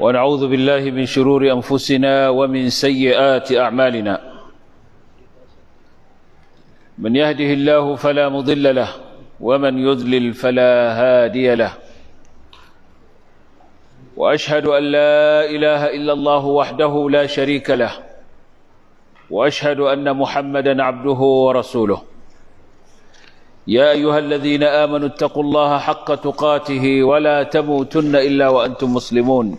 ونعوذ بالله من شرور أنفسنا ومن سيئات أعمالنا من يهده الله فلا مضل له ومن يذلل فلا هادي له وأشهد أن لا إله إلا الله وحده لا شريك له وأشهد أن محمدا عبده ورسوله يا أيها الذين آمنوا اتقوا الله حق تقاته ولا تموتن إلا وأنتم مسلمون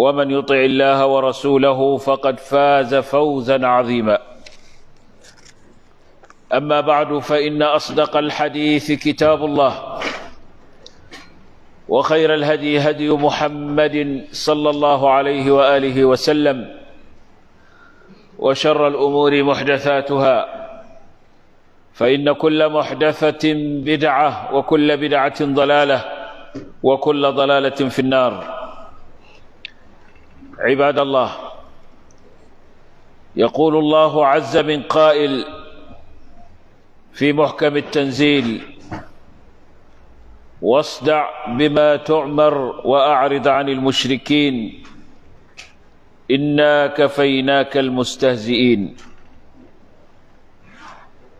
ومن يطع الله ورسوله فقد فاز فوزا عظيما أما بعد فإن أصدق الحديث كتاب الله وخير الهدي هدي محمد صلى الله عليه وآله وسلم وشر الأمور محدثاتها فإن كل محدثة بدعة وكل بدعة ضلالة وكل ضلالة في النار عباد الله يقول الله عز من قائل في محكم التنزيل واصدع بما تعمر واعرض عن المشركين انا كفيناك المستهزئين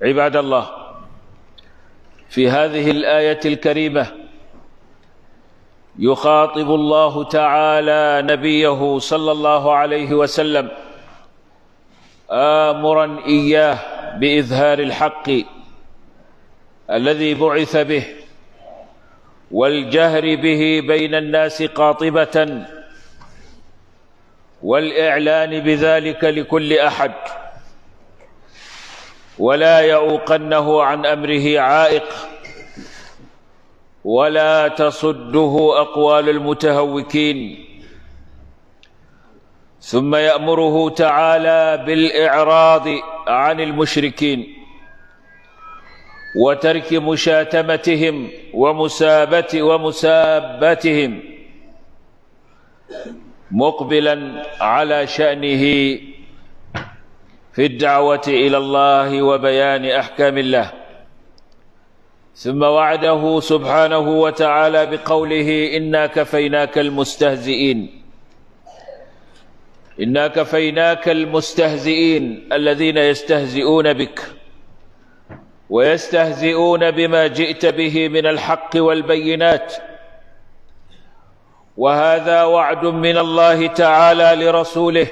عباد الله في هذه الايه الكريمه يخاطب الله تعالى نبيه صلى الله عليه وسلم آمرا إياه بإظهار الحق الذي بعث به والجهر به بين الناس قاطبة والإعلان بذلك لكل أحد ولا يؤقنه عن أمره عائق ولا تصده أقوال المتهوكين ثم يأمره تعالى بالإعراض عن المشركين وترك مشاتمتهم ومسابت ومسابتهم مقبلا على شأنه في الدعوة إلى الله وبيان أحكام الله ثم وعده سبحانه وتعالى بقوله انا كفيناك المستهزئين انا كفيناك المستهزئين الذين يستهزئون بك ويستهزئون بما جئت به من الحق والبينات وهذا وعد من الله تعالى لرسوله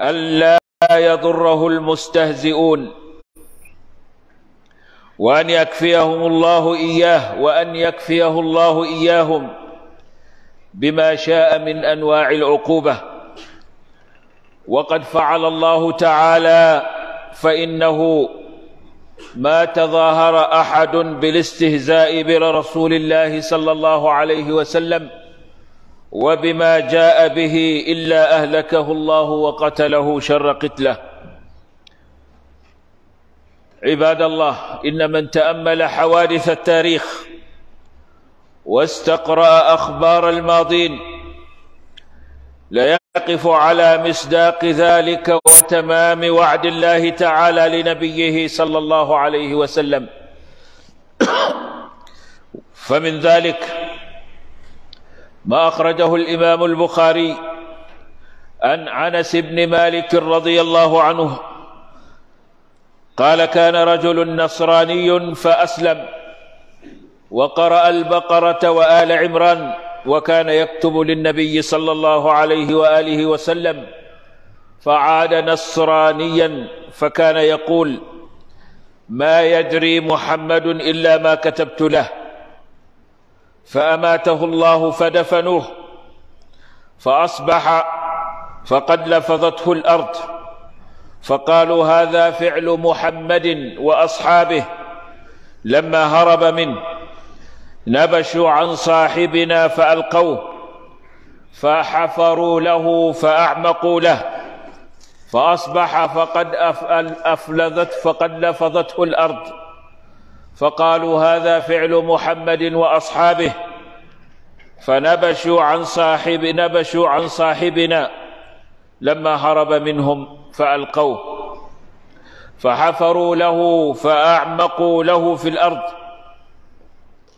الا يضره المستهزئون وأن يكفيهم الله إياه وأن يكفيه الله إياهم بما شاء من أنواع العقوبة وقد فعل الله تعالى فإنه ما تظاهر أحد بالاستهزاء برسول الله صلى الله عليه وسلم وبما جاء به إلا أهلكه الله وقتله شر قتله عباد الله إن من تأمل حوادث التاريخ واستقرأ أخبار الماضين لا يقف على مصداق ذلك وتمام وعد الله تعالى لنبيه صلى الله عليه وسلم فمن ذلك ما أخرجه الإمام البخاري عن أنس بن مالك رضي الله عنه قال كان رجل نصراني فأسلم وقرأ البقرة وآل عمران وكان يكتب للنبي صلى الله عليه وآله وسلم فعاد نصرانيا فكان يقول ما يدري محمد إلا ما كتبت له فأماته الله فدفنوه فأصبح فقد لفظته الأرض فقالوا هذا فعل محمد واصحابه لما هرب منه نبشوا عن صاحبنا فالقوه فحفروا له فاعمقوا له فاصبح فقد افلذت فقد لفظته الارض فقالوا هذا فعل محمد واصحابه فنبشوا عن صاحب نبشوا عن صاحبنا لما هرب منهم فألقوه فحفروا له فأعمقوا له في الأرض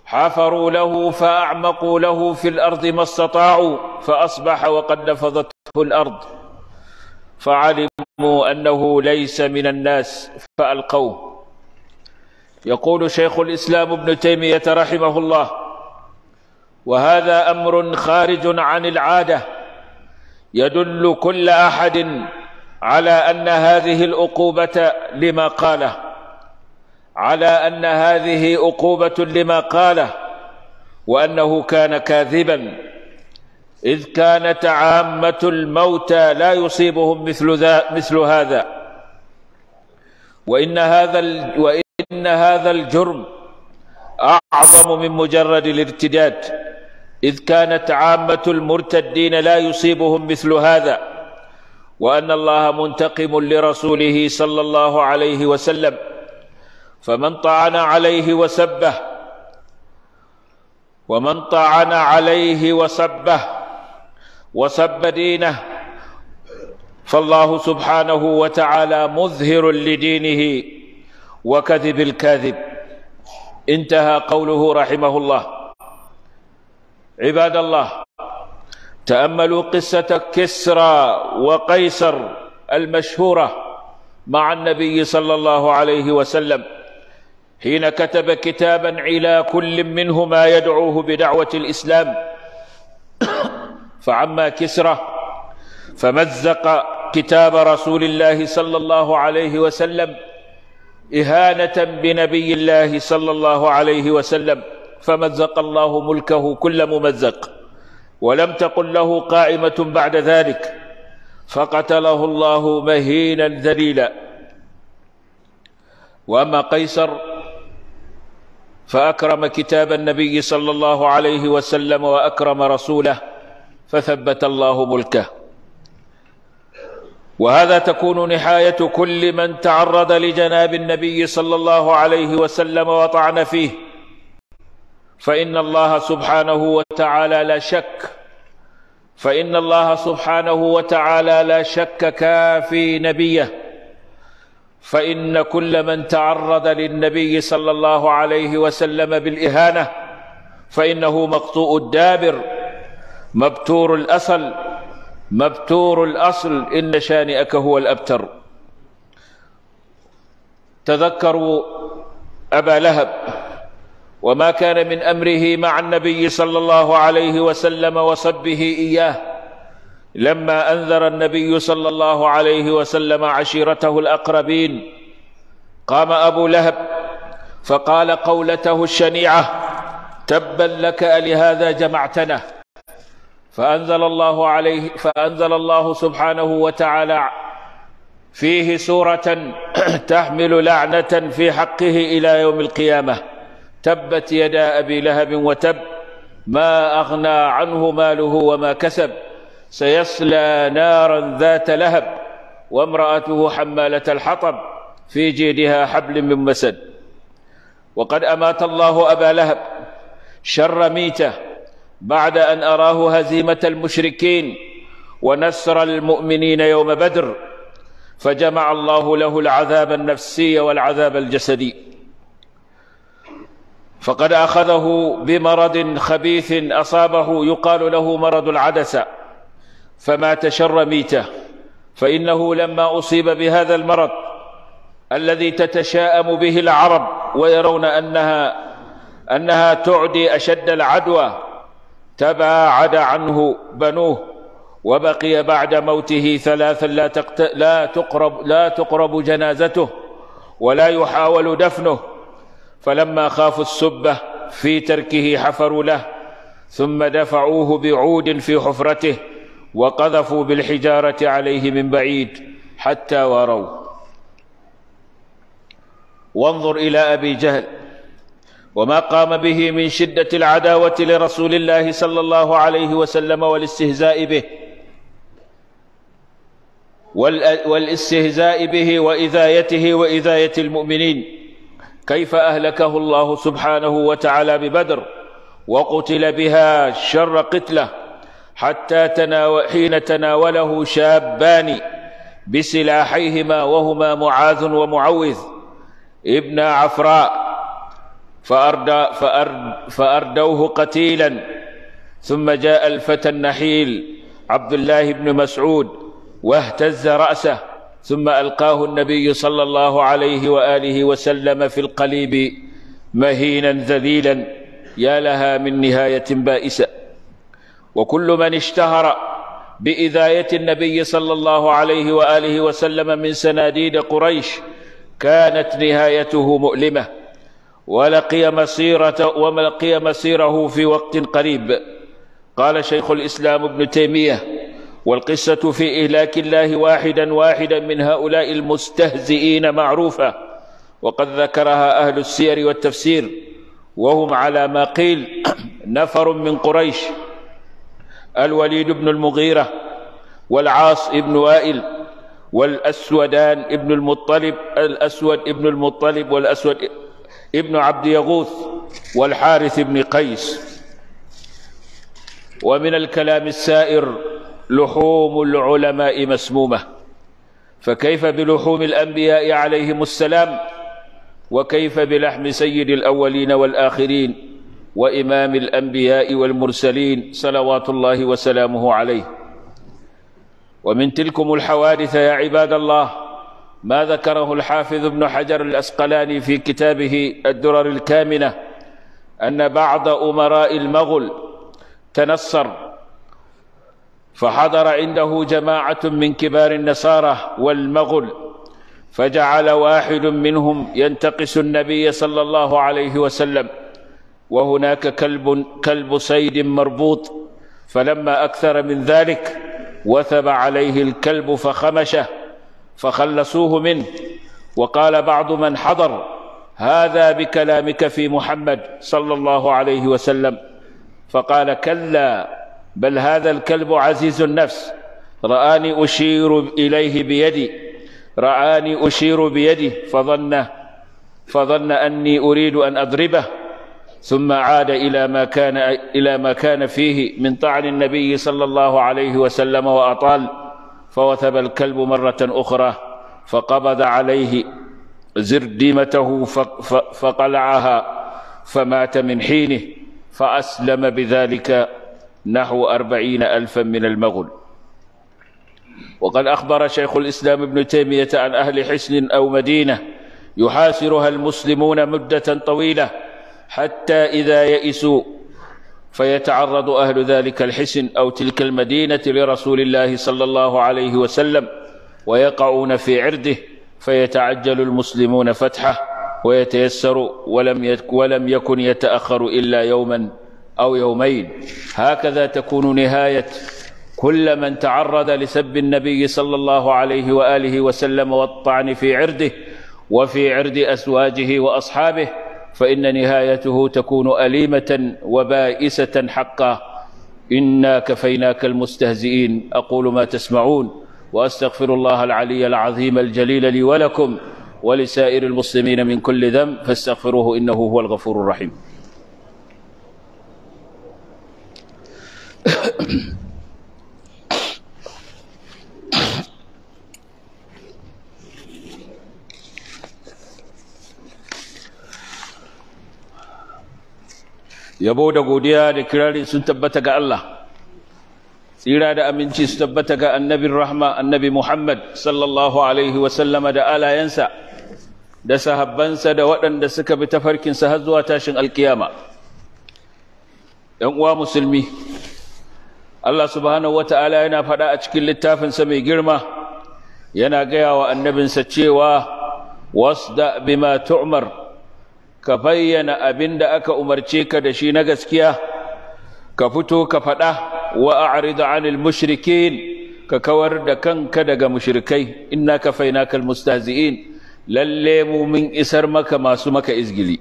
حفروا له فأعمقوا له في الأرض ما استطاعوا فأصبح وقد نفضته الأرض فعلموا أنه ليس من الناس فألقوه يقول شيخ الإسلام ابن تيمية رحمه الله وهذا أمر خارج عن العادة يدل كل أحد على أن هذه العقوبة لما قاله على أن هذه عقوبة لما قاله وأنه كان كاذبا إذ كانت عامة الموتى لا يصيبهم مثل, ذا مثل هذا وإن هذا, وإن هذا الجرم أعظم من مجرد الارتداد إذ كانت عامة المرتدين لا يصيبهم مثل هذا وأن الله منتقم لرسوله صلى الله عليه وسلم فمن طعن عليه وسبه ومن طعن عليه وسبه وسب دينه فالله سبحانه وتعالى مظهر لدينه وكذب الكاذب انتهى قوله رحمه الله عباد الله تاملوا قصه كسرى وقيصر المشهوره مع النبي صلى الله عليه وسلم حين كتب كتابا الى كل منهما يدعوه بدعوه الاسلام فعما كسرى فمزق كتاب رسول الله صلى الله عليه وسلم اهانه بنبي الله صلى الله عليه وسلم فمزق الله ملكه كل ممزق ولم تقل له قائمة بعد ذلك فقتله الله مهينا ذليلا وأما قيصر فأكرم كتاب النبي صلى الله عليه وسلم وأكرم رسوله فثبت الله ملكه وهذا تكون نحاية كل من تعرض لجناب النبي صلى الله عليه وسلم وطعن فيه فإن الله سبحانه وتعالى لا شك فإن الله سبحانه وتعالى لا شك كافي نبيه فإن كل من تعرض للنبي صلى الله عليه وسلم بالإهانة فإنه مقطوع الدابر مبتور الأصل مبتور الأصل إن شانئك هو الأبتر تذكروا أبا لهب وما كان من امره مع النبي صلى الله عليه وسلم وصبه اياه لما انذر النبي صلى الله عليه وسلم عشيرته الاقربين قام ابو لهب فقال قولته الشنيعه تبا لك لهذا جمعتنا فانزل الله عليه فانزل الله سبحانه وتعالى فيه سوره تحمل لعنه في حقه الى يوم القيامه تبت يدا ابي لهب وتب ما اغنى عنه ماله وما كسب سيصلى نارا ذات لهب وامراته حماله الحطب في جيدها حبل من مسد وقد امات الله ابا لهب شر ميته بعد ان اراه هزيمه المشركين ونسر المؤمنين يوم بدر فجمع الله له العذاب النفسي والعذاب الجسدي فقد أخذه بمرض خبيث أصابه يقال له مرض العدسة فمات شر ميته فإنه لما أصيب بهذا المرض الذي تتشاءم به العرب ويرون أنها أنها تعدي أشد العدوى تباعد عنه بنوه وبقي بعد موته ثلاثا لا, تقت... لا تقرب لا تقرب جنازته ولا يحاول دفنه فلما خافوا السبه في تركه حفروا له ثم دفعوه بعود في حفرته وقذفوا بالحجاره عليه من بعيد حتى وروا وانظر الى ابي جهل وما قام به من شده العداوه لرسول الله صلى الله عليه وسلم والاستهزاء به والاستهزاء به واذايته واذايه المؤمنين كيف أهلكه الله سبحانه وتعالى ببدر وقتل بها شر قتلة حتى تناو حين تناوله شابان بسلاحيهما وهما معاذ ومعوذ ابن عفراء فأرد فأرد فأردوه قتيلا ثم جاء الفتى النحيل عبد الله بن مسعود واهتز رأسه ثم ألقاه النبي صلى الله عليه وآله وسلم في القليب مهينا ذليلا يا لها من نهاية بائسة وكل من اشتهر بإذاية النبي صلى الله عليه وآله وسلم من سناديد قريش كانت نهايته مؤلمة ولقي مصيرة ولقي مسيره في وقت قريب قال شيخ الإسلام ابن تيمية والقصة في إهلاك الله واحدا واحدا من هؤلاء المستهزئين معروفة وقد ذكرها أهل السير والتفسير وهم على ما قيل نفر من قريش الوليد بن المغيرة والعاص بن وائل والأسودان ابن المطلب الأسود ابن المطلب والأسود ابن عبد يغوث والحارث بن قيس ومن الكلام السائر لحوم العلماء مسمومة فكيف بلحوم الأنبياء عليهم السلام وكيف بلحم سيد الأولين والآخرين وإمام الأنبياء والمرسلين صلوات الله وسلامه عليه ومن تلكم الحوادث يا عباد الله ما ذكره الحافظ ابن حجر الأسقلاني في كتابه الدرر الكامنة أن بعض أمراء المغل تنصر فحضر عنده جماعة من كبار النصارى والمغل فجعل واحد منهم ينتقص النبي صلى الله عليه وسلم وهناك كلب كلب صيد مربوط فلما أكثر من ذلك وثب عليه الكلب فخمشه فخلصوه منه وقال بعض من حضر هذا بكلامك في محمد صلى الله عليه وسلم فقال كلا بل هذا الكلب عزيز النفس رآني أشير إليه بيدي رآني أشير بيدي فظن فظن أني أريد أن أضربه ثم عاد إلى ما كان إلى ما كان فيه من طعن النبي صلى الله عليه وسلم وأطال فوثب الكلب مرة أخرى فقبض عليه زرديمته فقلعها فمات من حينه فأسلم بذلك نحو أربعين ألفا من المغل وقد أخبر شيخ الإسلام ابن تيمية عن أهل حسن أو مدينة يحاصرها المسلمون مدة طويلة حتى إذا يئسوا فيتعرض أهل ذلك الحسن أو تلك المدينة لرسول الله صلى الله عليه وسلم ويقعون في عرده فيتعجل المسلمون فتحه ويتيسر ولم ولم يكن يتأخر إلا يوما أو يومين هكذا تكون نهاية كل من تعرض لسب النبي صلى الله عليه وآله وسلم والطعن في عرضه وفي عرض أزواجه وأصحابه فإن نهايته تكون أليمة وبائسة حقا إنا كفيناك المستهزئين أقول ما تسمعون وأستغفر الله العلي العظيم الجليل لي ولكم ولسائر المسلمين من كل ذنب فاستغفروه إنه هو الغفور الرحيم yabo da godiya da kirari sun tabbata ga Allah tsira da aminci su tabbata ga annabin rahma annabi Muhammad sallallahu alaihi wasallama da alayensa da sahabbansa da waɗanda suka bi tafarkinsa har zuwa tashin alkiyama ‘yan uwa musulmi Allah subhanahu wa ta'ala yana faɗa a cikin littafinsa mai girma yana gaya wa annabinsa cewa wasda bima tu'mar ka bayyana abin da aka umarce ka da shi na gaskiya ka fito ka faɗa wa a'rid 'anil mushrikin ka kawar da kanka daga mushrikai faina kafainaka mustazi'in lalle mu min isar maka masu maka izgili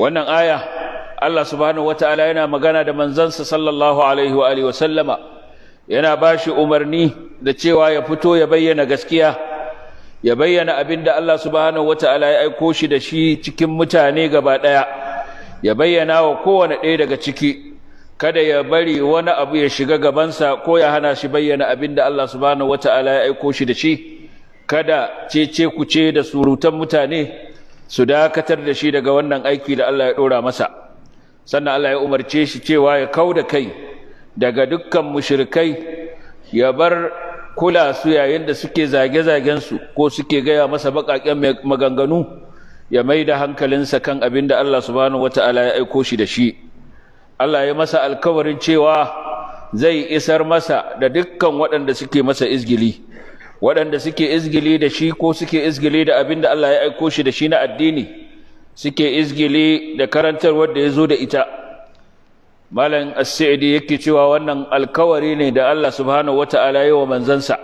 wannan aya Allah subhanahu wataala yana magana da manzansa sallallahu alaihi wa wa sallama yana bashi umarni da cewa ya fito ya bayyana gaskiya ya bayyana abin da Allah subhanahu wata'ala ya aiko shi da shi cikin mutane gaba ɗaya ya bayyana wa kowane ɗaya daga ciki kada ya bari wani abu ya shiga gabansa ko ya hana shi bayyana abin da Allah subhanahu wata'ala ya aiko shi da shi kada cece ce da surutan mutane su dakatar da shi daga wannan aiki da Allah ya ɗora masa sannan Allah ya umarce shi cewa ya kau da kai daga dukkan mushrikai ya bar kula su yayin da suke zage zagen su ko suke gaya masa baƙaƙen maganganu ya mai da hankalinsa kan abin da Allah subhanahu wata'ala ya aiko shi da shi Allah ya masa alkawarin cewa zai isar masa da dukkan waɗanda suke masa izgili waɗanda suke izgili da shi ko suke izgili da abin da Allah ya aiko shi da shi na addini suke izgili da karantar wadda ya zo da ita malam as-sa'idi yake cewa wannan alkawari ne da Allah subhanahu wata'ala yi wa manzansa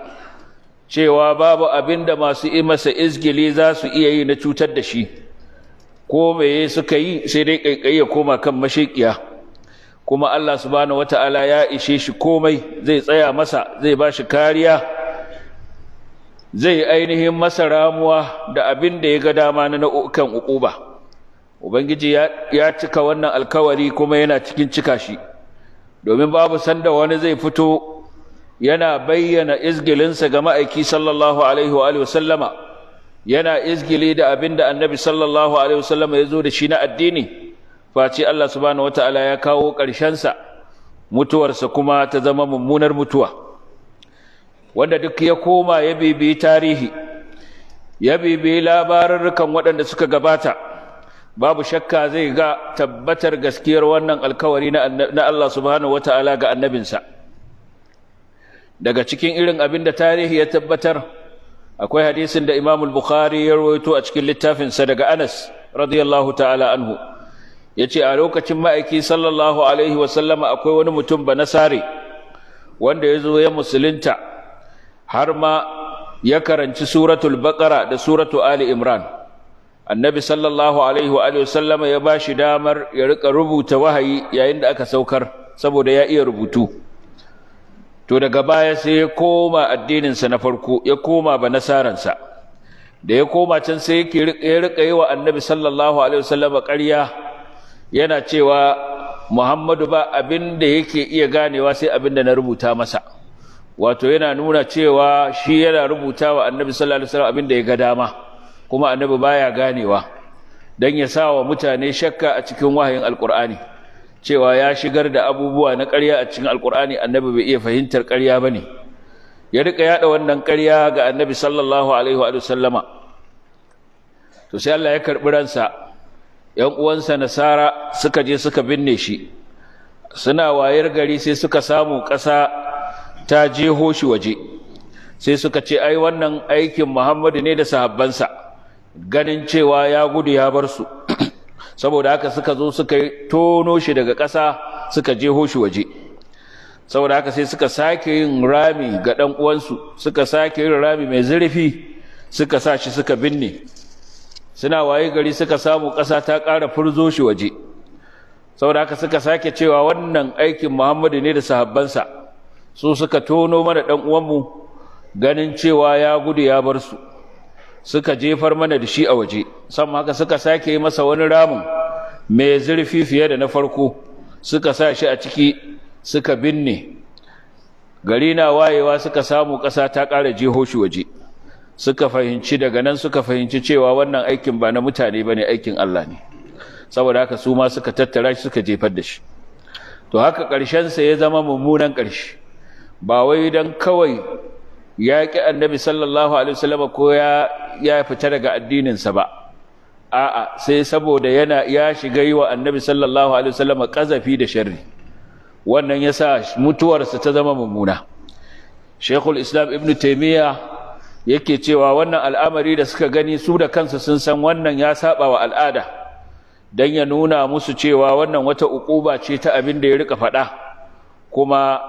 cewa babu abinda masu yi masa izgili za su iya yi na cutar da shi ko meye suka yi sai dai kaikai ya koma kan mashikiya kuma Allah subhanahu wata'ala ya ishe shi komai zai tsaya masa zai ba shi kariya zai ainihin masa ramuwa da abinda ya ga dama na nau'ukan uquba ubangiji ya cika wannan alkawari kuma yana cikin cika shi domin babu sanda wani zai fito yana bayyana izgilinsa ga ma'aiki sallallahu alaihi wa sallama yana izgili da abin da annabi sallallahu alaihi wa sallama ya zo da shi na addini face Allah subhanahu wata'ala ya kawo ƙarshensa mutuwarsa kuma ta zama mummunar mutuwa wanda duk ya koma ya bibi tarihi ya bibiyi labarurrukan waɗanda suka gabata babu shakka zai ga tabbatar gaskiyar wannan alkawari na Allah subhanahu wata'ala ga annabinsa daga cikin irin abin da tarihi ya tabbatar akwai hadisin da Imamul Bukhari ya rawaito a cikin littafinsa daga Anas radiyallahu ta'ala anhu ce a lokacin ma'aiki sallallahu alaihi wa sallama akwai wani mutum ba wanda ya zo ya musulunta har ma ya karanci suratul baqara da suratu ali imran annabi sallallahu alaihi wa sallama ya ba shi damar ya rika rubuta wahayi yayin da aka saukar saboda ya iya rubutu to daga baya sai ya koma addininsa na farko ya koma ba nasaransa da ya koma can sai yake ya rika yi wa annabi sallallahu alaihi wasallama ƙarya yana cewa muhammadu ba abin da yake iya ganewa sai abin da na rubuta masa wato yana nuna cewa shi yana rubuta wa annabi sallallahu alaihi wasallam abin da ya ga dama kuma annabi baya ganewa don ya sa wa mutane shakka a cikin wahayin alkur'ani cewa ya shigar da abubuwa na ƙarya a cikin alkur'ani annabi bai iya fahimtar ƙarya ba ne ya rika yaɗa wannan ƙarya ga annabi sallallahu alaihi wa sallama to sai Allah ya karɓi ransa ‘yan uwansa nasara suka je suka binne shi suna wayar gari sai suka samu ƙasa ta jeho shi waje sai suka ce ai wannan aikin muhammadu ne da sahabbansa ganin cewa ya gudu ya bar su saboda haka suka zo suka tono shi daga ƙasa suka je hoshi waje saboda haka sai suka sake yin rami ga ɗan uwansu suka sake yin rami mai zurfi suka sa shi suka binne suna waye gari suka samu ƙasa ta ƙara furzo shi waje saboda haka suka sake cewa wannan aikin muhammadu ne da sahabbansa su suka tono mana ɗan uwanmu ganin cewa ya gudu ya bar su suka jefar mana da shi a waje san haka suka sake masa wani ramin mai zurfi fiye da na farko suka sa shi a ciki suka binne gari na wayewa suka samu ƙasa ta ƙara jeho shi waje suka fahimci daga nan suka fahimci cewa wannan aikin ba na mutane ba ne aikin Allah ne saboda haka su ma suka tattara shi suka jefar da shi to haka ƙarshen sa ya zama mummunan ƙarshe ba wai don kawai ya ƙi annabi sallallahu alaihi wasallam ko ya ya fita daga addininsa ba a'a sai saboda yana ya shiga yi wa annabi sallallahu alaihi wasallam kazafi da sharri wannan yasa mutuwarsa ta zama mummuna shaykhul Islam Ibn taymiya yake cewa wannan al'amari da suka gani su da kansu sun san wannan ya saba wa al'ada dan ya nuna musu cewa wannan wata ukuba ce ta abin da ya rika faɗa kuma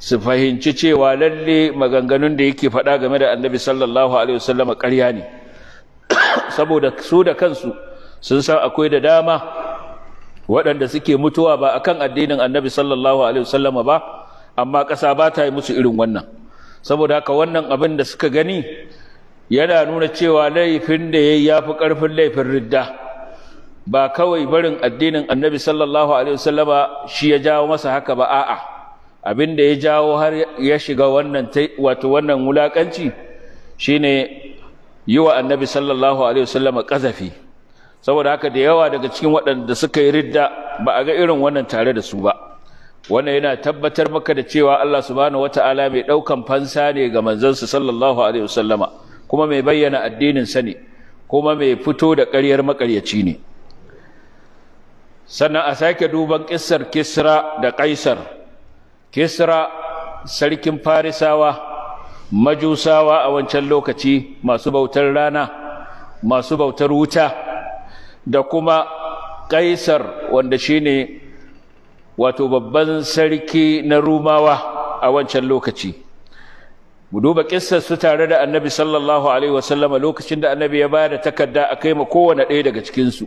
su fahimci cewa lalle maganganun da yake faɗa game da annabi sallallahu alaihi wasallam ƙarya ne saboda su da kansu sun san akwai da dama waɗanda suke mutuwa ba akan addinin annabi sallallahu alaihi wasallam ba amma ƙasa ba ta yi musu irin wannan saboda haka wannan abin da suka gani yana nuna cewa laifin da ya yafi ƙarfin laifin ridda ba kawai barin addinin annabi sallallahu alaihi wasallam shi ya jawo masa haka ba a'a abin da ya jawo har ya shiga wannan wato wannan wulakanci shine yi wa annabi sallallahu alaihi wasallam kazafi saboda haka da yawa daga cikin waɗanda suka yi ridda ba a ga irin wannan tare da su ba wannan yana tabbatar maka da cewa Allah subhanahu wata'ala mai ɗaukan fansa ne ga manzansa sallallahu alaihi wasallama kuma mai bayyana addinin sa ne kuma mai fito da ƙaryar maƙaryaci ne sannan a sake duban Kisar kisra da ƙaisar kisra sarkin farisawa majusawa a wancan lokaci masu bautar rana masu bautar wuta da kuma kaisar wanda shine wato babban sarki na rumawa a wancan lokaci mu duba kissar su tare da annabi sallallahu alaihi wasallama lokacin da annabi ya bada takarda a kai ma kowane ɗaya daga cikinsu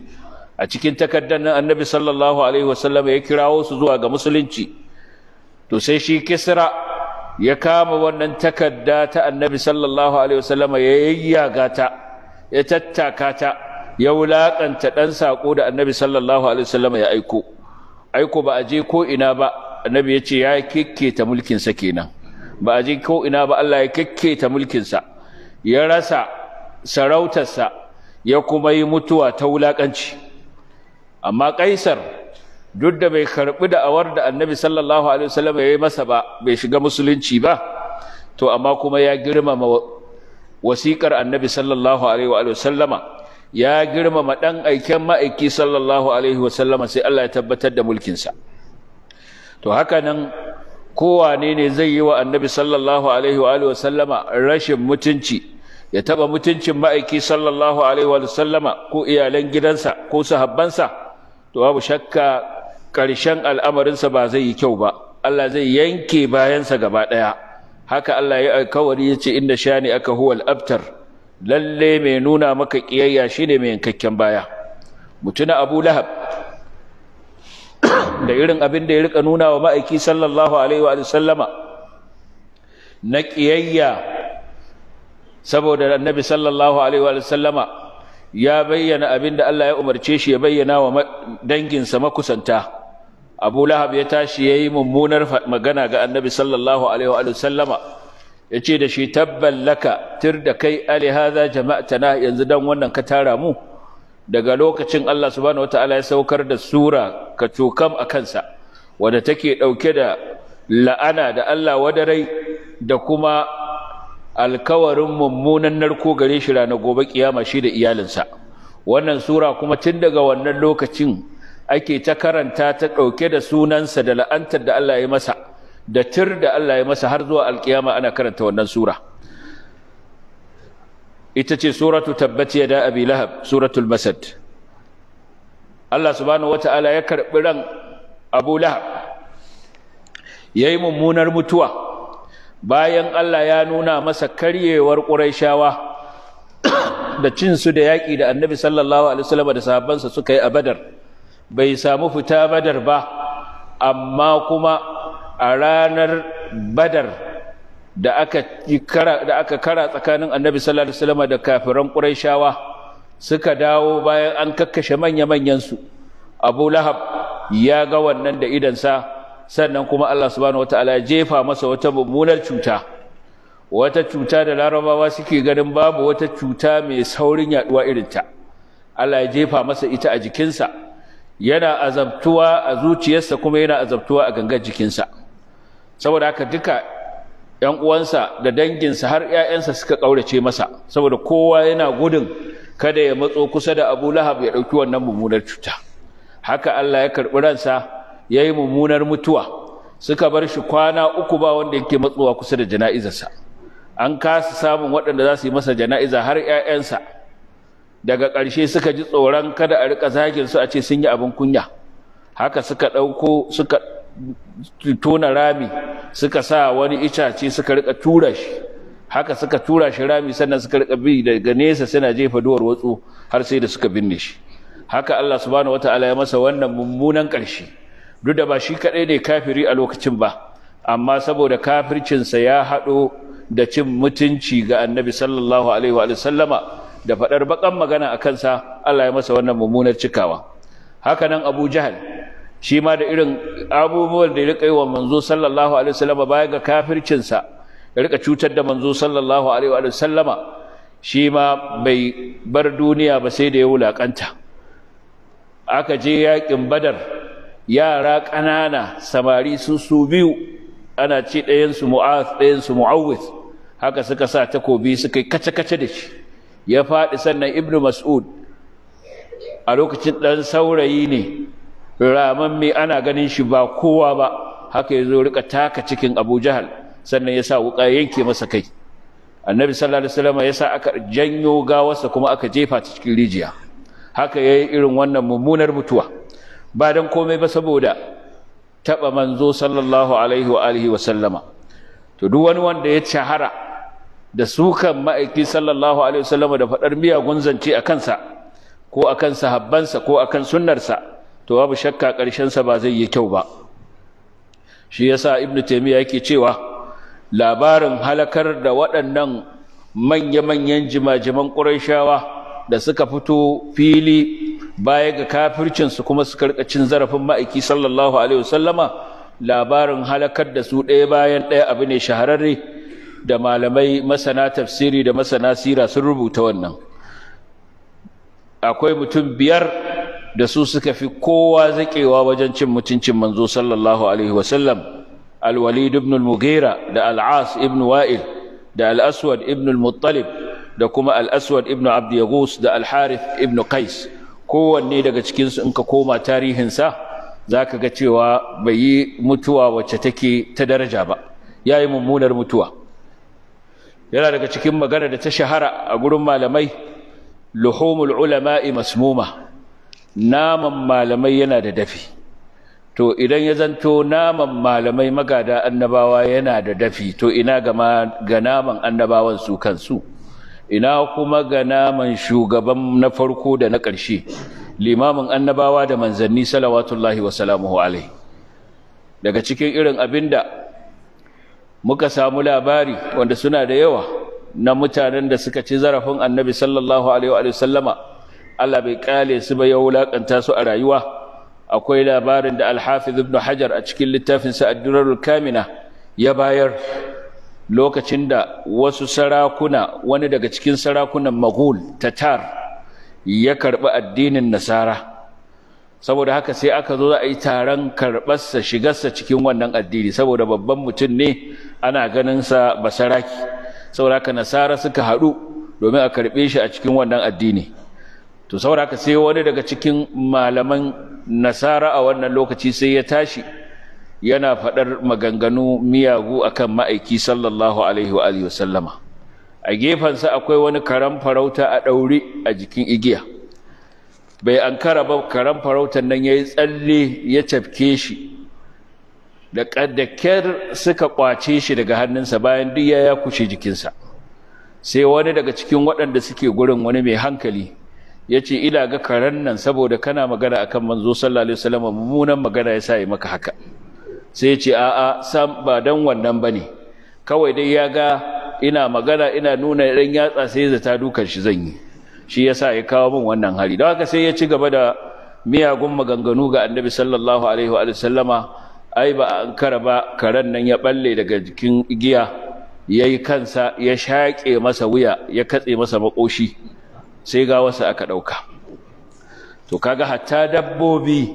a cikin takardar nan annabi sallallahu alaihi wasallama ya kirawo su zuwa ga musulunci to sai shi kisra ya kama wannan takarda ta annabi sallallahu alaihi wasallam ya yayyaga ta ya tattaka ta ya wulakanta dan sako da annabi sallallahu alaihi wasallam ya aiko aiko ba a je ko ina ba annabi ya ce ya kekketa sa kenan ba a je ko ina ba Allah ya kekketa sa ya rasa sarautarsa ya kuma yi mutuwa ta wulakanci amma kaisar duk da bai karɓi awar da annabi sallallahu alaihi wasallam ya yi masa ba bai shiga musulunci ba to amma kuma ya girmama wasiƙar annabi sallallahu alaihi wa sallama, ya girmama ɗan aiken ma'aiki sallallahu alaihi wa sallama, sai Allah ya tabbatar da mulkin sa, to haka nan kowa ne zai yi wa annabi sallallahu alaihi wa sallama rashin mutunci ya taba mutuncin ma'aiki sallallahu alaihi wa sallama ko iyalan gidansa ko sahabbansa to babu shakka ƙarshen al'amarinsa ba zai yi kyau ba Allah zai yanke bayansa gaba ɗaya haka Allah ya alkawari ya ce inda shani aka huwal abtar lalle mai nuna maka ƙiyayya shine mai yankakken baya mutuna abu lahab da irin abin da ya rika nuna wa ma'aiki sallallahu alaihi wa sallama na ƙiyayya saboda annabi sallallahu alaihi wa sallama ya bayyana abin da Allah ya umarce shi ya bayyana wa danginsa makusanta abu lahab ya tashi ya yi mummunar magana ga annabi sallallahu alaihi wa sallama ya ce da shi tabban laka tir da kai alihaza tana yanzu dan wannan ka tara mu daga lokacin Allah subhanahu Ta'ala ya saukar da sura ka cokam a kansa wadda take ɗauke da la'ana da Allah wadarai da kuma alkawarin mummunan narko gare shi ranar gobe kiyama shi da iyalinsa wannan sura kuma tun daga wannan lokacin ake ta karanta ta ɗauke da sunansa da la'antar da Allah ya masa da tir da Allah ya masa har zuwa alkiyama ana karanta wannan sura ita ce suratu tabbati ya da abi lahab suratul masad Allah subhanahu Ta'ala ya karɓi ran abu lahab ya yi mummunar mutuwa bayan Allah ya nuna masa karyewar ƙuraishawa da cinsu da yaƙi da annabi sallallahu alaihi wasallam da sahabbansa suka yi a badar bai samu fita badar ba amma kuma a ranar badar da aka kara tsakanin annabi sallallahu alaihi wasallam da kafiran quraishawa suka dawo bayan an kakkashe manya-manyan su abu lahab ya ga wannan da idansa sannan kuma allah subhanahu wataala ya jefa masa wata mummunar cuta wata cuta da larabawa suke ganin babu wata cuta mai saurin yaduwa irinta allah ya jefa masa ita a jikinsa yana azabtuwa a zuciyarsa kuma yana azabtuwa a gangar jikinsa saboda haka duka ‘yan uwansa da danginsa har ‘ya'yansa suka ƙaurace masa saboda kowa yana gudun kada ya matso kusa da abu lahab ya ɗauki wannan mummunar cuta haka allah ya karɓi ransa ya yi mummunar mutuwa suka bar shi kwana uku ba wanda yake matsowa kusa da jana'izarsa an kasa samun waɗanda za su yi masa jana'iza har ‘ya'yansa daga ƙarshe suka ji tsoron kada a rika zagin su a ce sun yi abin kunya haka suka ɗauko suka tona rami suka sa wani icace suka rika tura shi haka suka tura shi rami sannan suka rika bi daga nesa suna jefa duwar watsu har sai da suka binne shi haka Allah subhanahu wataala ya masa wannan mummunan ƙarshe duk da ba shi kaɗai ne kafiri a lokacin ba amma saboda kafircinsa ya haɗo da cin mutunci ga annabi sallallahu alaihi wa sallama da faɗar baƙan magana a kansa Allah ya masa wannan mummunar cikawa hakanan nan abu jahal shi ma da irin abubuwan da ya riƙa yi wa manzo sallallahu alaihi wasallama baya ga kafircinsa ya riƙa cutar da manzo sallallahu alaihi wasallama shi ma bai bar duniya ba sai da ya wulaƙanta aka je yaƙin badar yara ƙanana samari sun su biyu ana ce ɗayansu mu'az ɗayansu mu'awwiz haka suka sa takobi suka yi kace-kace da shi ya faɗi sannan ibnu mas'ud a lokacin ɗan saurayi ne ramamme ana ganin shi ba kowa ba haka ya zo rika taka cikin abu jahal sannan ya sa wuƙa yanke masa kai annabi sallallahu alaihi wasallam ya sa aka janyo gawarsa kuma aka jefa ta cikin rijiya haka ya yi irin wannan mummunar mutuwa ba don komai ba saboda taɓa manzo sallallahu alaihi wa alihi wa sallama to duk wani wanda ya shahara da sukan ma'aiki sallallahu alaihi wasallam da faɗar miyagun zance a kansa ko a kan sahabbansa ko a kan sunnarsa to babu shakka sa ba zai yi kyau ba shi yasa ibnu taymiya yake cewa labarin halakar da waɗannan manya-manyan jimajiman ƙurayshawa da suka fito fili baya ga kafircinsu kuma suka rika cin zarafin ma'aiki sallallahu alaihi wasallama labarin halakar da su ɗaya bayan ɗaya abu ne shahararre da malamai masana tafsiri da masana sira sun rubuta wannan akwai mutum biyar da su suka fi kowa zaƙewa wajen cin mutuncin manzo sallallahu alaihi wasallam alwalid ibn al-mughira da al-as ibn wa'il da al-aswad ibn al-muttalib da kuma al-aswad ibn abd yaghus da al-harith ibn qais kowanne daga cikinsu in ka koma tarihinsa za ka ga cewa bai yi mutuwa wacce take ta daraja ba ya yi mummunar mutuwa yana daga cikin magana da ta shahara a gurin malamai luhumul ulama'i masmuma naman malamai yana da dafi to idan ya zanto naman malamai magada annabawa yana da dafi to ina ga naman annabawan su kansu ina kuma ga naman shugaban na farko da na ƙarshe limamin annabawa da manzanni salawatullahi daga cikin irin abinda muka samu labari wanda suna da yawa na mutanen da suka ci zarafin annabi sallallahu alaihi sallama Allah bai kale su ba ya wulakanta su a rayuwa akwai labarin da alhafiz ibn hajar a cikin littafinsa ad kamina ya bayar lokacin da wasu sarakuna wani daga cikin sarakunan magul tatar ya karɓi addinin nasara saboda haka sai aka zo za a yi taron karɓarsa shigarsa cikin wannan addini saboda babban mutum ne ana ganinsa basaraki saboda haka nasara suka haɗu domin a karɓe shi a cikin wannan addini to saboda haka sai wani daga cikin malaman nasara a wannan lokaci sai ya tashi yana faɗar maganganu miyagu kan ma'aiki sallallahu alaihi wa sallama a gefensa akwai wani karan farauta a ɗaure a jikin igiya bai ankara ba karan farautar nan yayi tsalle ya cafke shi da ƙaddakyar suka ƙwace shi daga hannunsa bayan duk ya kushe jikinsa sai wani daga cikin waɗanda suke gurin wani mai hankali ya ce ina ga karen nan saboda kana magana akan manzo sallallahu alaihi wasallam mummunan magana ya sa yi maka haka sai ya ce a'a sam ba dan wannan bane kawai dai ya ga ina magana ina nuna ɗan yatsa sai zata dukan shi zan yi shi ya yasa ya kawo min wannan hari don haka sai ya ci gaba da miyagun maganganu ga annabi sallallahu alaihi wa sallama ai ba an kara ba karen nan ya balle daga jikin igiya ya yi kansa ya shaƙe masa wuya ya katse masa makoshi sai ga wasu aka ɗauka to kaga hatta dabbobi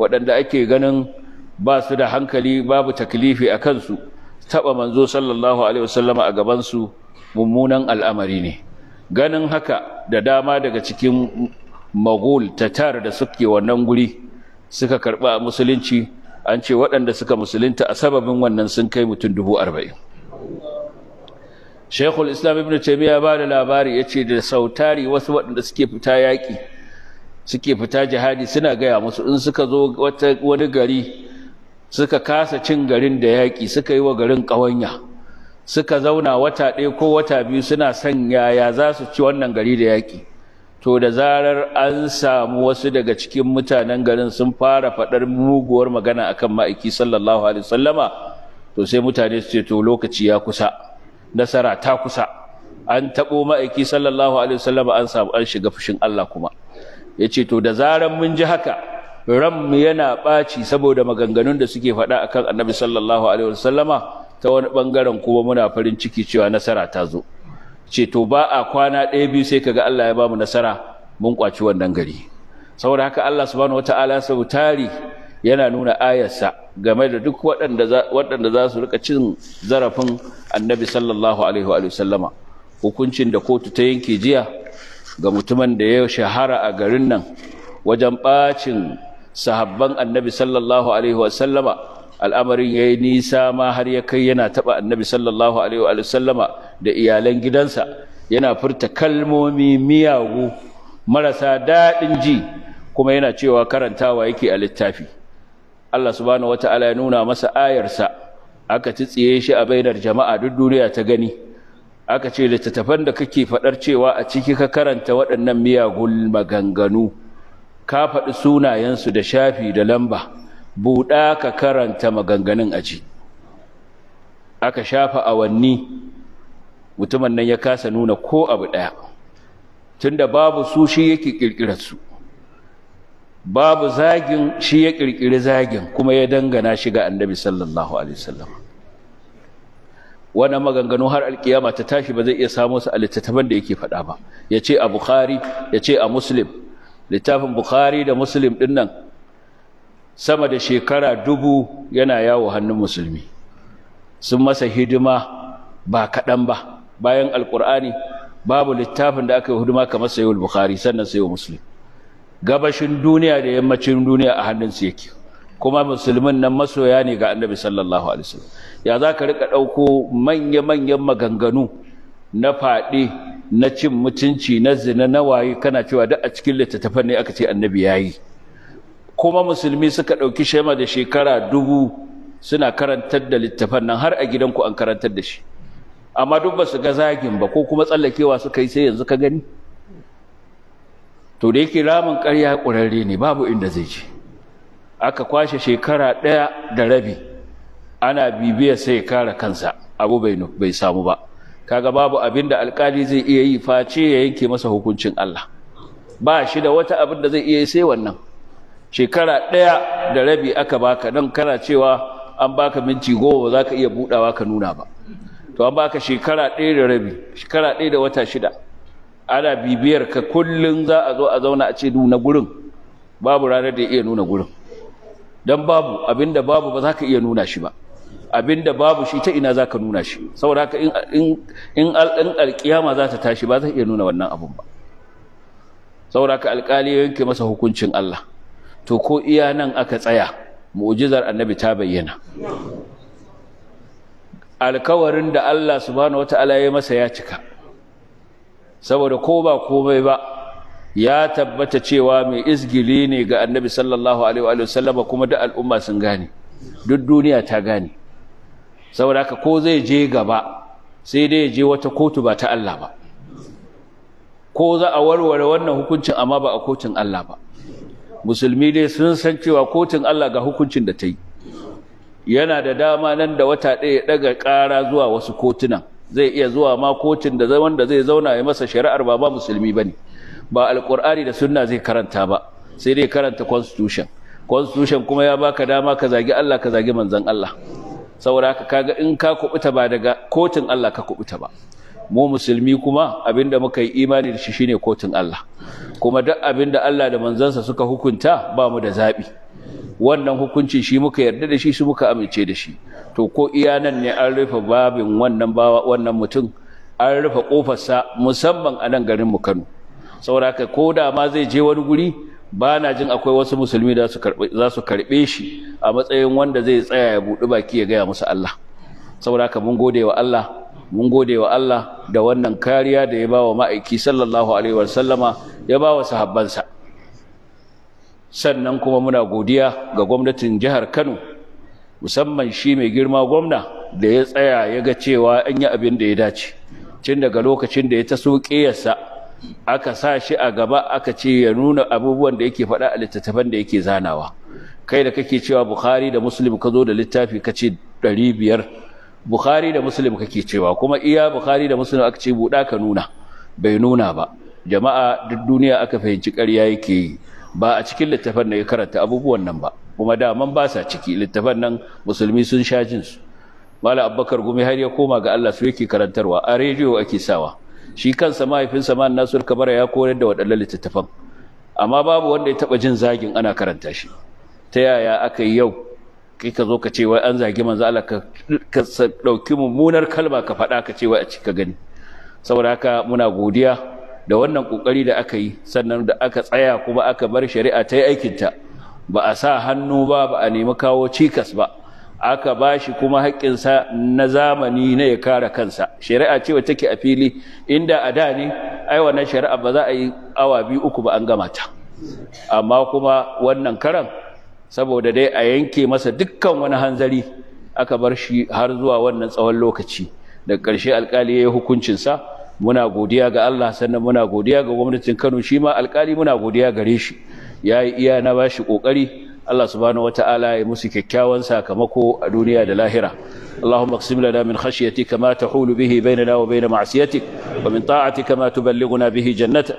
waɗanda ake ganin ba su da hankali babu taklifi a kansu taɓa manzo sallallahu alaihi wa sallama a gabansu mummunan al'amari ne ganin haka da dama daga cikin magul tatar da suke wannan guri suka karba musulunci an ce waɗanda suka musulunta a sababin wannan sun kai mutum dubu arba'in shekul islam ibn taimiyya ba da labari ya ce da sautari wasu waɗanda suke fita yaƙi suke fita jihadi suna gaya musu in suka zo wani gari suka kasa cin garin da yaƙi suka yi wa garin ƙawanya suka zauna wata ɗaya ko wata biyu suna son yaya za su ci wannan gari da yaƙi to da zarar an samu wasu daga cikin mutanen garin sun fara faɗar muguwar magana akan ma'aiki sallallahu alaihi sallama to sai mutane su ce to lokaci ya kusa nasara ta kusa an taɓo ma'aiki sallallahu alaihi sallama an samu an shiga fushin Allah kuma ya ce to da zarar mun ji haka ranmu yana ɓaci saboda maganganun da suke faɗa akan annabi sallallahu alaihi wasallama ta wani bangaren kuma muna farin ciki cewa nasara ta zo ce to ba a kwana ɗaya biyu sai kaga Allah ya bamu nasara mun kwaci wannan gari saboda haka Allah subhanahu wataala sau tari yana nuna ayarsa game da duk waɗanda za su rika cin zarafin annabi sallallahu alaihi wa sallama hukuncin da kotu ta yanke jiya ga mutumin da ya shahara a garin nan wajen bacin sahabban annabi sallallahu alaihi wa sallama al'amarin ya yi nisa ma har ya kai yana taɓa annabi sallallahu alaihi wa sallama da iyalan gidansa yana furta kalmomi miyagu marasa daɗin ji kuma yana cewa karantawa yake a littafi Allah subhanahu wata'ala ya nuna masa ayarsa aka tsaye shi a bainar jama'a duk duniya ta gani aka ce littattafan da kake faɗar cewa a ciki ka karanta waɗannan miyagun maganganu ka faɗi sunayensu da shafi da lamba buɗa ka karanta maganganun aji aka shafa awanni mutumin nan ya kasa nuna ko abu ɗaya tunda babu su shi yake ƙirƙirar babu zagin shi ya ƙirƙiri zagin kuma ya dangana shi ga annabi sallallahu alaihi wasallam wannan maganganu har alƙiyama ta tashi ba zai iya samu su a littattafan da yake faɗa ba ya ce a bukhari ya ce a muslim littafin bukhari da muslim ɗin nan sama da shekara dubu yana yawo hannun musulmi sun masa hidima ba kaɗan ba bayan alƙur'ani babu littafin da aka yi hidima kamar sayo bukhari sannan sayo musulmi. gabashin duniya da yammacin duniya a hannunsu yake kuma musulmin nan masoya ne ga annabi sallallahu alaihi ya za ka rika ɗauko manya-manyan maganganu na faɗi na cin mutunci na zina na waye kana cewa duk a cikin littattafan ne aka ce annabi ya yi kuma musulmi suka ɗauki shema da shekara dubu suna karantar da littafan nan har a gidanku an karantar da shi amma duk ba su ga zagin ba ko kuma tsallakewa suka yi sai yanzu ka gani to da yake ramin ƙarya ƙurarre ne babu inda zai je aka kwashe shekara ɗaya da rabi ana bibiyar sai ya kare kansa abu bai samu ba kaga babu abin da alkali zai iya yi face ya yanke masa hukuncin Allah ba shi da wata abin da zai iya yi sai wannan shekara ɗaya da rabi aka baka don kana cewa an baka minti goma ba za ka iya budawa ka nuna ba to an baka shekara ɗaya da rabi shekara ɗaya da wata shida ana bibiyar ka kullum za a zo a zauna a ce nuna gurin babu ranar da iya nuna gurin don babu abinda babu ba za ka iya nuna shi ba abinda babu shi ta ina za ka nuna shi saboda haka in alkiyama za ta tashi ba za iya nuna wannan abun ba saboda haka alkali yanke masa hukuncin Allah to ko iya nan aka tsaya mu'jizar annabi ta bayyana alkawarin da Allah subhanahu wata'ala ya masa ya cika saboda ko ba komai ba ya tabbata cewa mai izgili ne ga annabi sallallahu alaihi wa sallam kuma da al'umma sun gane duk duniya ta gane saboda haka ko zai je gaba sai dai ya je wata kotu ba ta Allah ba ko za a warware wannan hukuncin amma ba a kotun Allah ba musulmi ne sun san cewa kotun Allah ga hukuncin da ta yi yana da dama nan da wata ɗaya daga ƙara zuwa wasu kotuna zai iya zuwa ma kotun da wanda zai zauna ya masa shari'ar ba ba musulmi ba ne ba alƙur'ani da sunna zai karanta ba sai dai karanta constitution constitution kuma ya baka dama ka zagi Allah ka zagi manzon Allah saboda ka kaga in ka kubuta ba daga kotun Allah ka kubuta ba mu musulmi kuma abinda muka yi imani da shi shine kotun Allah kuma duk abinda Allah da manzansa suka hukunta ba mu da zabi wannan hukuncin shi muka yarda da shi su muka amince da shi to ko iya nan ne an rufe babin wannan bawa wannan mutum an rufe kofarsa musamman a nan garin mu Kano saboda ko da ma zai je wani guri ba na jin akwai wasu musulmi da za su karɓe shi a matsayin wanda zai tsaya ya buɗi baki ya gaya musu Allah saboda haka mun gode wa Allah mun gode wa Allah da wannan kariya da ya ba wa ma'aiki sallallahu alaihi wa sallama ya bawa sahabbansa sannan kuma muna godiya ga gwamnatin jihar Kano musamman shi mai girma gwamna da ya tsaya ya ga cewa an yi abin da ya dace tun daga lokacin da ya taso ƙiyarsa aka sa shi a gaba aka ce ya nuna abubuwan da yake faɗa a littattafan da yake zanawa kai da kake cewa Bukhari da Muslim ka zo da littafi ka ce ɗari biyar bukhari da muslim kake cewa kuma iya bukhari da muslim aka ce buɗa ka nuna bai nuna ba jama'a duk duniya aka fahimci ƙarya yake ba a cikin littafin da ya karanta abubuwan nan ba kuma man ba sa ciki littafin nan musulmi sun sha jin su mala abubakar gumi har ya koma ga allah su yake karantarwa a rediyo ake sawa shi kansa mahaifinsa Man Nasir kabara ya koyar da wadannan littattafan amma babu wanda ya taɓa jin zagin ana karanta shi ta yaya aka yi yau kai ka zo ka ce wai an zagi manzo Allah ka dauki mummunar kalma ka faɗa ka ce wai a cika gani saboda haka muna godiya da wannan kokari da aka yi sannan da aka tsaya kuma aka bar shari'a ta yi aikin ta ba a sa hannu ba ba a nemi kawo cikas ba aka ba shi kuma sa na zamani ne ya kare kansa shari'a ce wacce take a fili inda a da ne ai wannan shari'a ba za a yi awa biyu uku ba an gama ta amma kuma wannan karan saboda dai a yanke masa dukkan wani hanzari aka bar shi har zuwa wannan tsawon lokaci da ƙarshe alkali ya yi hukuncinsa muna godiya ga Allah sannan muna godiya ga gwamnatin Kano shi ma alkali muna godiya gare shi ya yi iya na ba shi ƙoƙari Allah subhanahu wata'ala ya musu kyakkyawan sakamako a duniya da lahira اللهم اقسم لنا من خشيتك ما تحول به بيننا وبين معصيتك ومن طاعتك ما تبلغنا به جنتك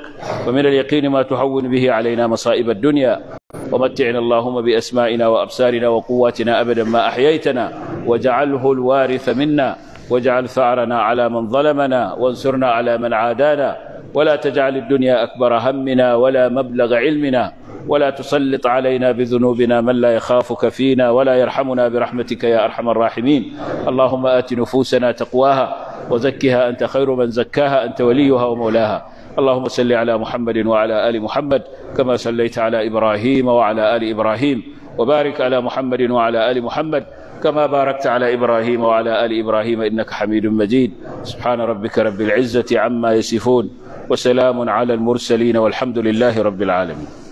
ومن اليقين ما تهون به علينا مصائب الدنيا ومتعنا اللهم بأسمائنا وأبصارنا وقواتنا أبدا ما أحييتنا واجعله الوارث منا واجعل ثأرنا على من ظلمنا وانصرنا على من عادانا ولا تجعل الدنيا أكبر همنا ولا مبلغ علمنا ولا تسلط علينا بذنوبنا من لا يخافك فينا ولا يرحمنا برحمتك يا أرحم الراحمين اللهم آت نفوسنا تقواها وزكها أنت خير من زكاها أنت وليها ومولاها اللهم صل على محمد وعلى ال محمد كما صليت على ابراهيم وعلى ال ابراهيم وبارك على محمد وعلى ال محمد كما باركت على ابراهيم وعلى ال ابراهيم انك حميد مجيد سبحان ربك رب العزه عما يصفون وسلام على المرسلين والحمد لله رب العالمين